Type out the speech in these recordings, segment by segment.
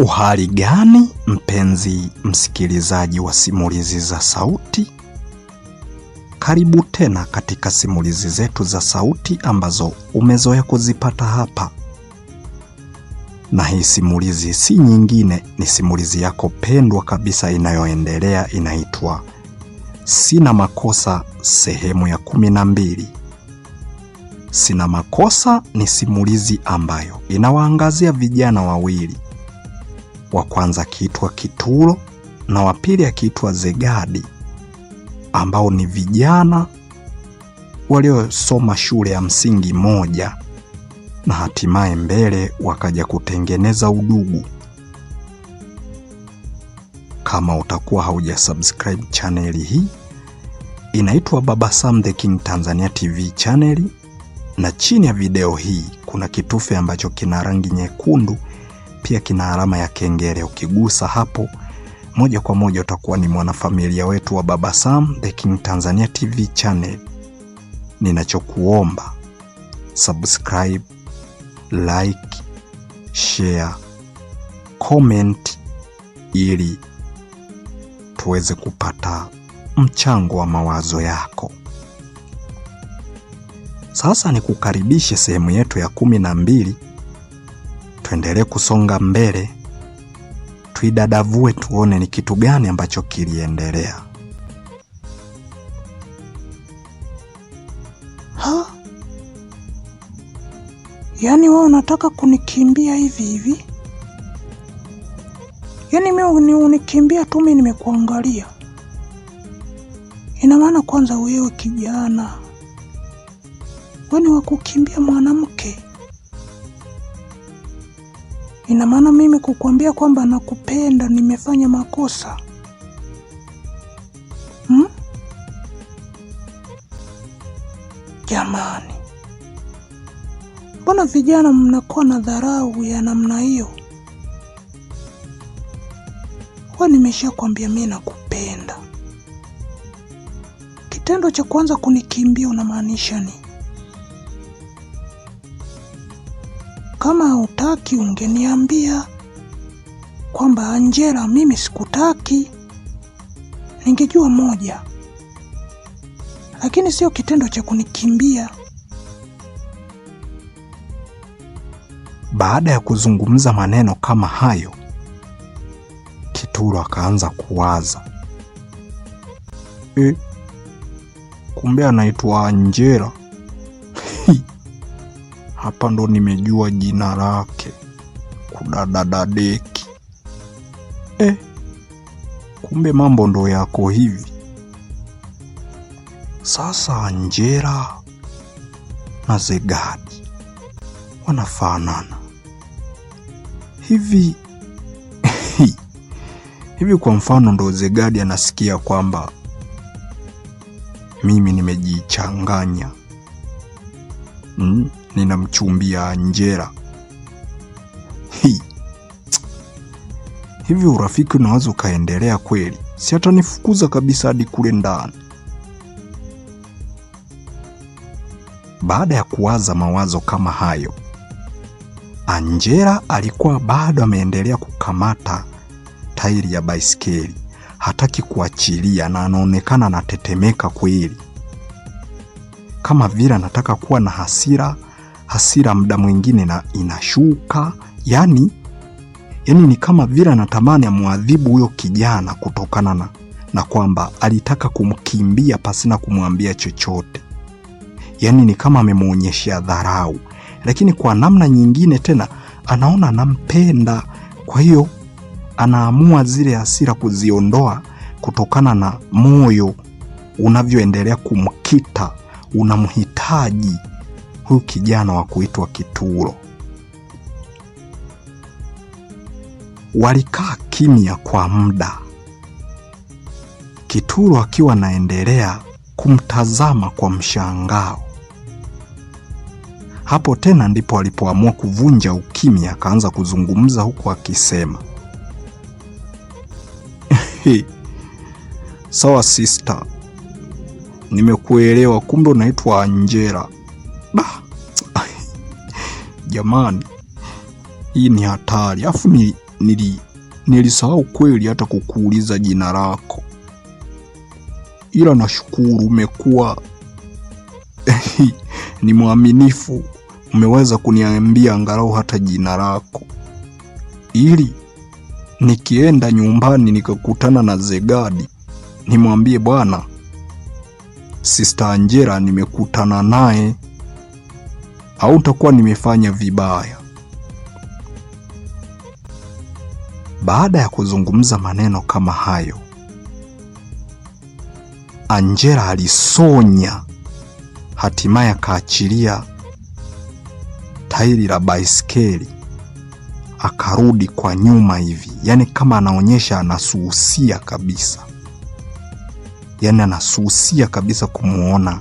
Uhali gani mpenzi msikilizaji wa simulizi za sauti, karibu tena katika simulizi zetu za sauti ambazo umezoea kuzipata hapa, na hii simulizi si nyingine, ni simulizi yako pendwa kabisa inayoendelea, inaitwa Sina Makosa sehemu ya kumi na mbili. Sina Makosa ni simulizi ambayo inawaangazia vijana wawili wa kwanza akiitwa Kitulo na wa pili akiitwa Zegadi, ambao ni vijana waliosoma shule ya msingi moja na hatimaye mbele wakaja kutengeneza udugu. Kama utakuwa subscribe chaneli hii, inaitwa Baba Sam The King Tanzania TV chaneli, na chini ya video hii kuna kitufe ambacho kina rangi nyekundu pia kina alama ya kengele. Ukigusa hapo moja kwa moja utakuwa ni mwanafamilia wetu wa Baba Sam The King Tanzania TV channel. Ninachokuomba subscribe, like, share, comment ili tuweze kupata mchango wa mawazo yako. Sasa ni kukaribishe sehemu yetu ya kumi na mbili tuendelee kusonga mbele, tuidadavue, tuone ni kitu gani ambacho kiliendelea. Ha? Yaani wewe unataka kunikimbia hivi hivi? Yaani mimi unikimbia tu, mimi nimekuangalia. Ina maana kwanza wewe kijana, wewe ni wakukimbia mwanamke? Ina maana mimi kukuambia kwamba nakupenda nimefanya makosa hmm? Jamani, mbona vijana mnakuwa na dharau ya namna hiyo? nimesha nimeshakwambia mimi nakupenda. Kitendo cha kwanza kunikimbia unamaanisha nini? Kama hutaki ungeniambia kwamba Angela, mimi sikutaki, ningejua moja, lakini sio kitendo cha kunikimbia. Baada ya kuzungumza maneno kama hayo, Kituro akaanza kuwaza e, kumbe anaitwa Angela. Hapa ndo nimejua jina lake kudadadadeki. Eh, kumbe mambo ndo yako hivi sasa. Njera na Zegadi wanafanana hivi hivi. Kwa mfano, ndo Zegadi anasikia kwamba mimi nimejichanganya mm, ninamchumbia njera. Hi. Hivi urafiki unaweza ukaendelea kweli? Si atanifukuza kabisa hadi kule ndani. Baada ya kuwaza mawazo kama hayo, Angela alikuwa bado ameendelea kukamata tairi ya baisikeli, hataki kuachilia na anaonekana anatetemeka kweli, kama vile anataka kuwa na hasira hasira muda mwingine na inashuka yani, yani ni kama vile anatamani amwadhibu huyo kijana kutokana na, na kwamba alitaka kumkimbia pasina kumwambia chochote, yani ni kama amemwonyeshea dharau, lakini kwa namna nyingine tena anaona anampenda, kwa hiyo anaamua zile hasira kuziondoa kutokana na moyo unavyoendelea kumkita unamhitaji huyu kijana wa kuitwa Kitulo. Walikaa kimya kwa muda, Kitulo akiwa naendelea kumtazama kwa mshangao. Hapo tena ndipo alipoamua kuvunja ukimya, akaanza kuzungumza huku akisema sawa, sister, nimekuelewa. Kumbe unaitwa Angela jamani, hii ni hatari. Afu nili, nilisahau kweli hata kukuuliza jina lako, ila nashukuru umekuwa ni mwaminifu, umeweza kuniambia angalau hata jina lako ili nikienda nyumbani nikakutana na Zegadi nimwambie bwana, Sister Angela nimekutana naye au utakuwa nimefanya vibaya. Baada ya kuzungumza maneno kama hayo, Angela alisonya, hatimaye akaachilia tairi la baiskeli akarudi kwa nyuma hivi, yaani kama anaonyesha anasuhusia kabisa, yaani anasuhusia kabisa kumwona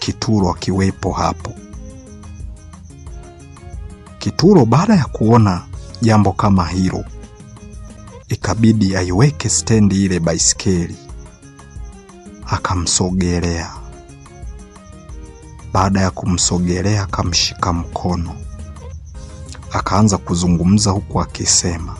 Kituro akiwepo hapo. Kituro baada ya kuona jambo kama hilo, ikabidi aiweke stendi ile baisikeli, akamsogelea. Baada ya kumsogelea, akamshika mkono, akaanza kuzungumza huku akisema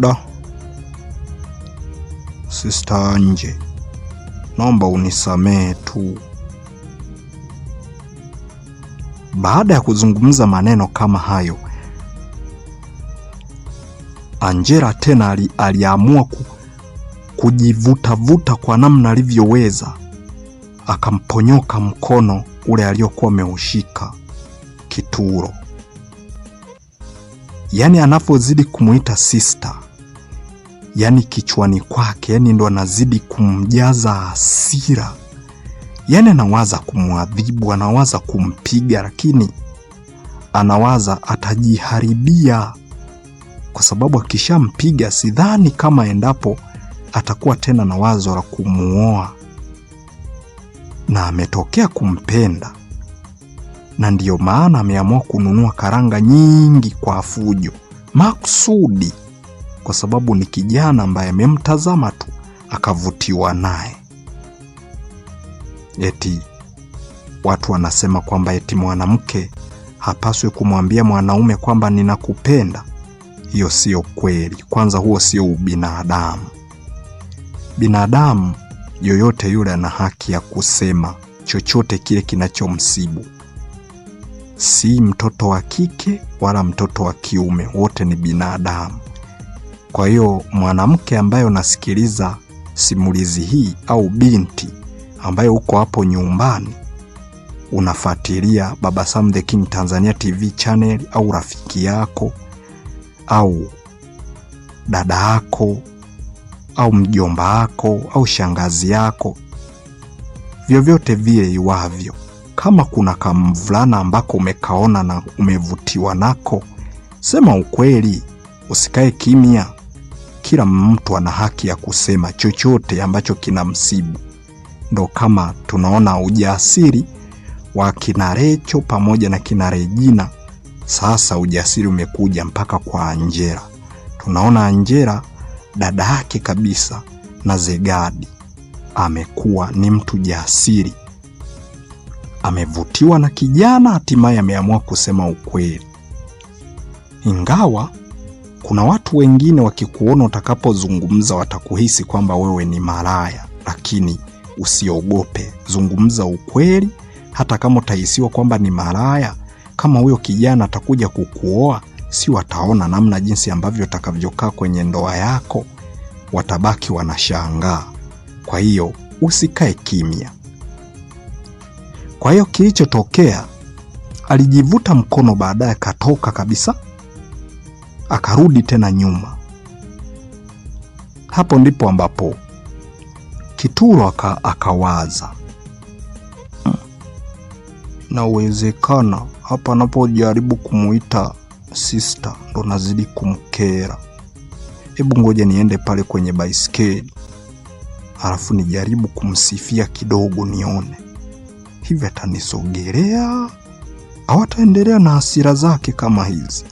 da sista nje, naomba unisamehe tu baada ya kuzungumza maneno kama hayo, Angela tena ali, aliamua ku, kujivutavuta kwa namna alivyoweza, akamponyoka mkono ule aliokuwa ameushika kituro. Yaani anapozidi kumuita sister, yaani kichwani kwake, yaani ndo anazidi kumjaza hasira yani anawaza kumwadhibu, anawaza kumpiga, lakini anawaza atajiharibia, kwa sababu akishampiga, sidhani kama endapo atakuwa tena na wazo la kumuoa, na ametokea kumpenda, na ndiyo maana ameamua kununua karanga nyingi kwa fujo maksudi, kwa sababu ni kijana ambaye amemtazama tu akavutiwa naye eti watu wanasema kwamba eti mwanamke hapaswi kumwambia mwanaume kwamba ninakupenda. Hiyo sio kweli. Kwanza huo sio ubinadamu. Binadamu yoyote yule ana haki ya kusema chochote kile kinachomsibu. Si mtoto wa kike wala mtoto wa kiume, wote ni binadamu. Kwa hiyo mwanamke ambaye unasikiliza simulizi hii au binti ambaye uko hapo nyumbani unafuatilia Baba Sam the King Tanzania TV channel, au rafiki yako au dada yako au mjomba wako au shangazi yako, vyovyote vile iwavyo, kama kuna kamvulana ambako umekaona na umevutiwa nako, sema ukweli, usikae kimya. Kila mtu ana haki ya kusema chochote ambacho kinamsibu ndo kama tunaona ujasiri wa kina Recho pamoja na kina Regina. Sasa ujasiri umekuja mpaka kwa anjera Tunaona Anjera dada yake kabisa na Zegadi amekuwa ni mtu jasiri, amevutiwa na kijana, hatimaye ameamua kusema ukweli. Ingawa kuna watu wengine wakikuona utakapozungumza watakuhisi kwamba wewe ni malaya, lakini usiogope, zungumza ukweli, hata kama utahisiwa kwamba ni malaya. Kama huyo kijana atakuja kukuoa, si wataona namna jinsi ambavyo utakavyokaa kwenye ndoa yako? Watabaki wanashangaa. Kwa hiyo usikae kimya. Kwa hiyo kilichotokea, alijivuta mkono, baadaye akatoka kabisa, akarudi tena nyuma. Hapo ndipo ambapo Kituro akawaza, nawezekana hapa anapojaribu kumuita sister ndo nazidi kumkera. Hebu ngoja niende pale kwenye baiskeli, halafu nijaribu kumsifia kidogo, nione hivi atanisogelea au ataendelea na hasira zake kama hizi.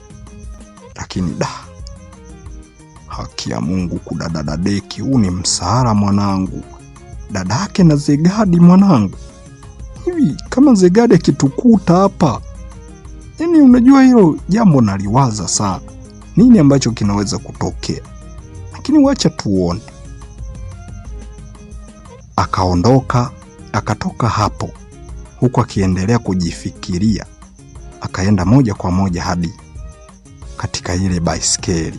Lakini da, haki ya Mungu kudadadadeki, huu ni msahara mwanangu dadake na Zegadi. Mwanangu, hivi kama Zegadi akitukuta hapa, yani unajua hilo jambo naliwaza sana, nini ambacho kinaweza kutokea, lakini wacha tuone. Akaondoka akatoka hapo, huku akiendelea kujifikiria. Akaenda moja kwa moja hadi katika ile baiskeli,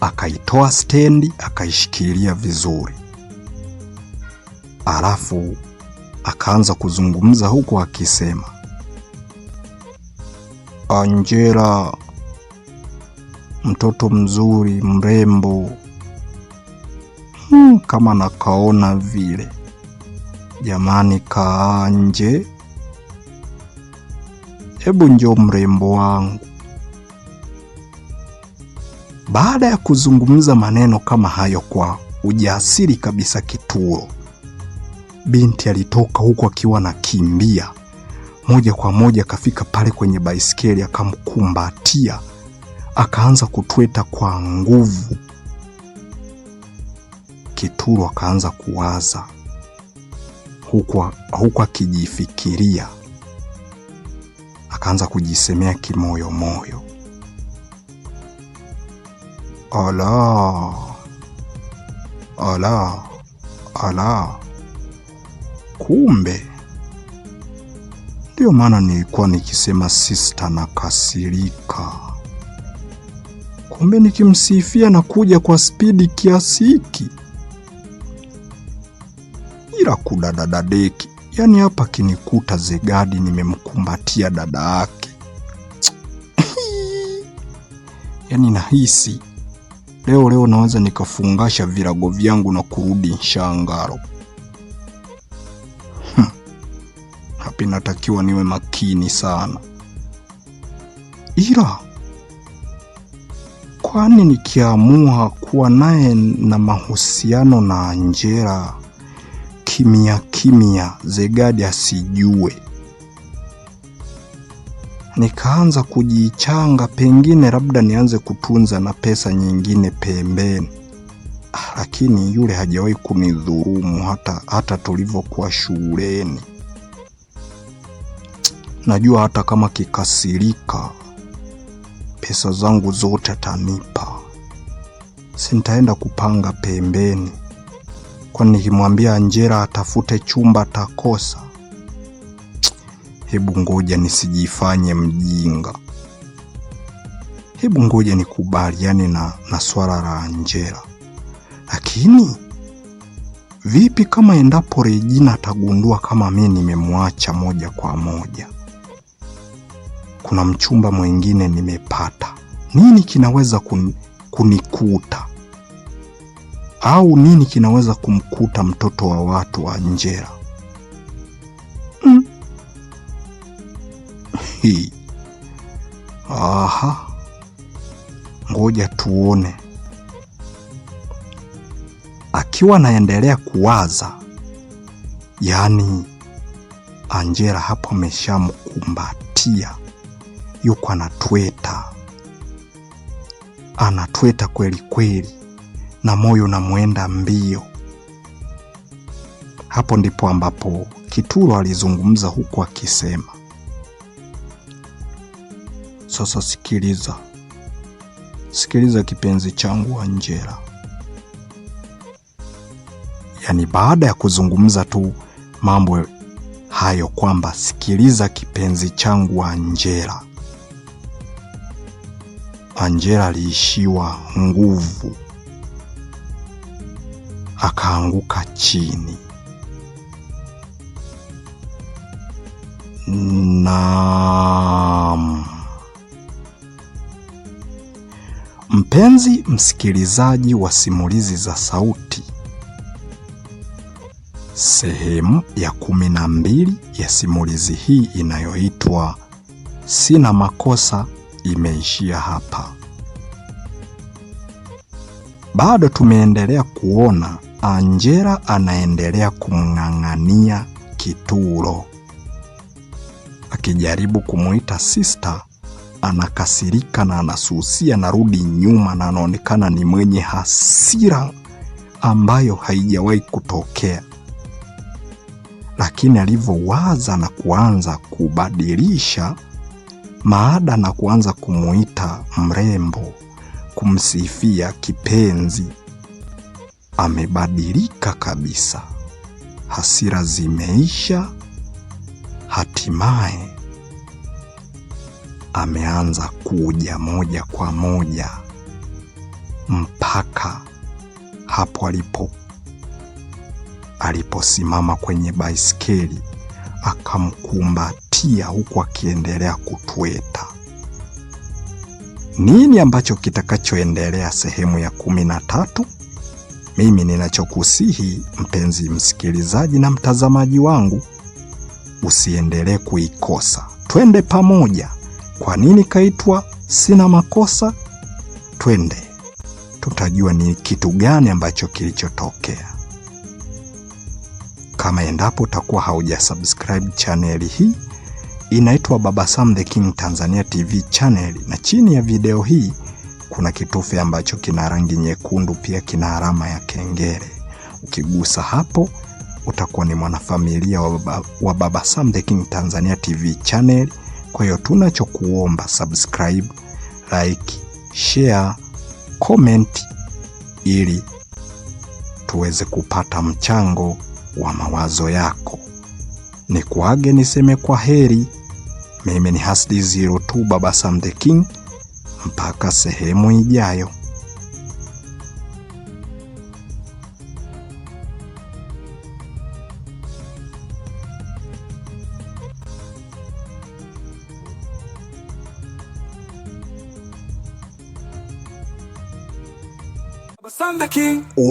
akaitoa stendi, akaishikilia vizuri Alafu akaanza kuzungumza huku akisema, Angela mtoto mzuri mrembo, hmm, kama nakaona vile jamani, kaanje hebu njo mrembo wangu. Baada ya kuzungumza maneno kama hayo kwa ujasiri kabisa, kituo binti alitoka huku akiwa anakimbia moja kwa moja, akafika pale kwenye baisikeli akamkumbatia, akaanza kutweta kwa nguvu. Kituru akaanza kuwaza huku huku akijifikiria, akaanza kujisemea kimoyomoyo, ala ala ala kumbe ndiyo maana nilikuwa nikisema sista na kasirika. Kumbe nikimsifia na kuja kwa spidi kiasi hiki, ila kudadadadeki. Yaani hapa kinikuta Zegadi nimemkumbatia dada yake, yaani nahisi leo leo naweza nikafungasha virago vyangu na kurudi Nshangaro. wapi natakiwa niwe makini sana. Ila kwani nikiamua kuwa naye na mahusiano na njera kimya kimya, Zegadi asijue, nikaanza kujichanga, pengine labda nianze kutunza na pesa nyingine pembeni, ah, lakini yule hajawahi kunidhurumu hata, hata tulivyokuwa shuleni. Najua hata kama kikasirika, pesa zangu zote atanipa. Sintaenda kupanga pembeni, kwani nikimwambia Anjera atafute chumba atakosa. Hebu ngoja nisijifanye mjinga, hebu ngoja nikubaliane na, na swala la Anjera. Lakini vipi kama endapo Regina atagundua kama mi nimemwacha moja kwa moja? kuna mchumba mwingine nimepata. Nini kinaweza kun, kunikuta au nini kinaweza kumkuta mtoto wa watu wa Anjera? mm. Aha, ngoja tuone. Akiwa anaendelea kuwaza, yaani Anjera hapo ameshamkumbatia yuko anatweta, anatweta kweli kweli, na moyo unamwenda mbio. Hapo ndipo ambapo Kituro alizungumza huku akisema, sasa sikiliza, sikiliza kipenzi changu Angela. Yaani, baada ya kuzungumza tu mambo hayo kwamba sikiliza kipenzi changu Angela, Angela aliishiwa nguvu, akaanguka chini na mpenzi msikilizaji wa simulizi za sauti, sehemu ya kumi na mbili ya simulizi hii inayoitwa Sina Makosa imeishia hapa. Bado tumeendelea kuona Angela anaendelea kumng'ang'ania Kituro, akijaribu kumuita sister anakasirika na anasusia, narudi nyuma, na anaonekana ni mwenye hasira ambayo haijawahi kutokea. Lakini alivyowaza na kuanza kubadilisha Maada na kuanza kumuita mrembo, kumsifia kipenzi. Amebadilika kabisa, hasira zimeisha. Hatimaye ameanza kuja moja kwa moja mpaka hapo alipo aliposimama kwenye baiskeli akamkumbatia kutusikia huku akiendelea kutweta. Nini ambacho kitakachoendelea sehemu ya kumi na tatu? Mimi ninachokusihi mpenzi msikilizaji na mtazamaji wangu, usiendelee kuikosa. Twende pamoja. Kwa nini kaitwa Sina Makosa? Twende tutajua ni kitu gani ambacho kilichotokea. Kama endapo utakuwa subscribe chaneli hii inaitwa Baba Sam the King Tanzania TV channel, na chini ya video hii kuna kitufe ambacho kina rangi nyekundu, pia kina alama ya kengele. Ukigusa hapo utakuwa ni mwanafamilia wa Baba, wa Baba Sam the King Tanzania TV channel. Kwa hiyo tunachokuomba subscribe, like, share, comment ili tuweze kupata mchango wa mawazo yako. ni kuage niseme kwa heri. Mimi ni Hasdi Zero tu, baba Sam the King, mpaka sehemu ijayo.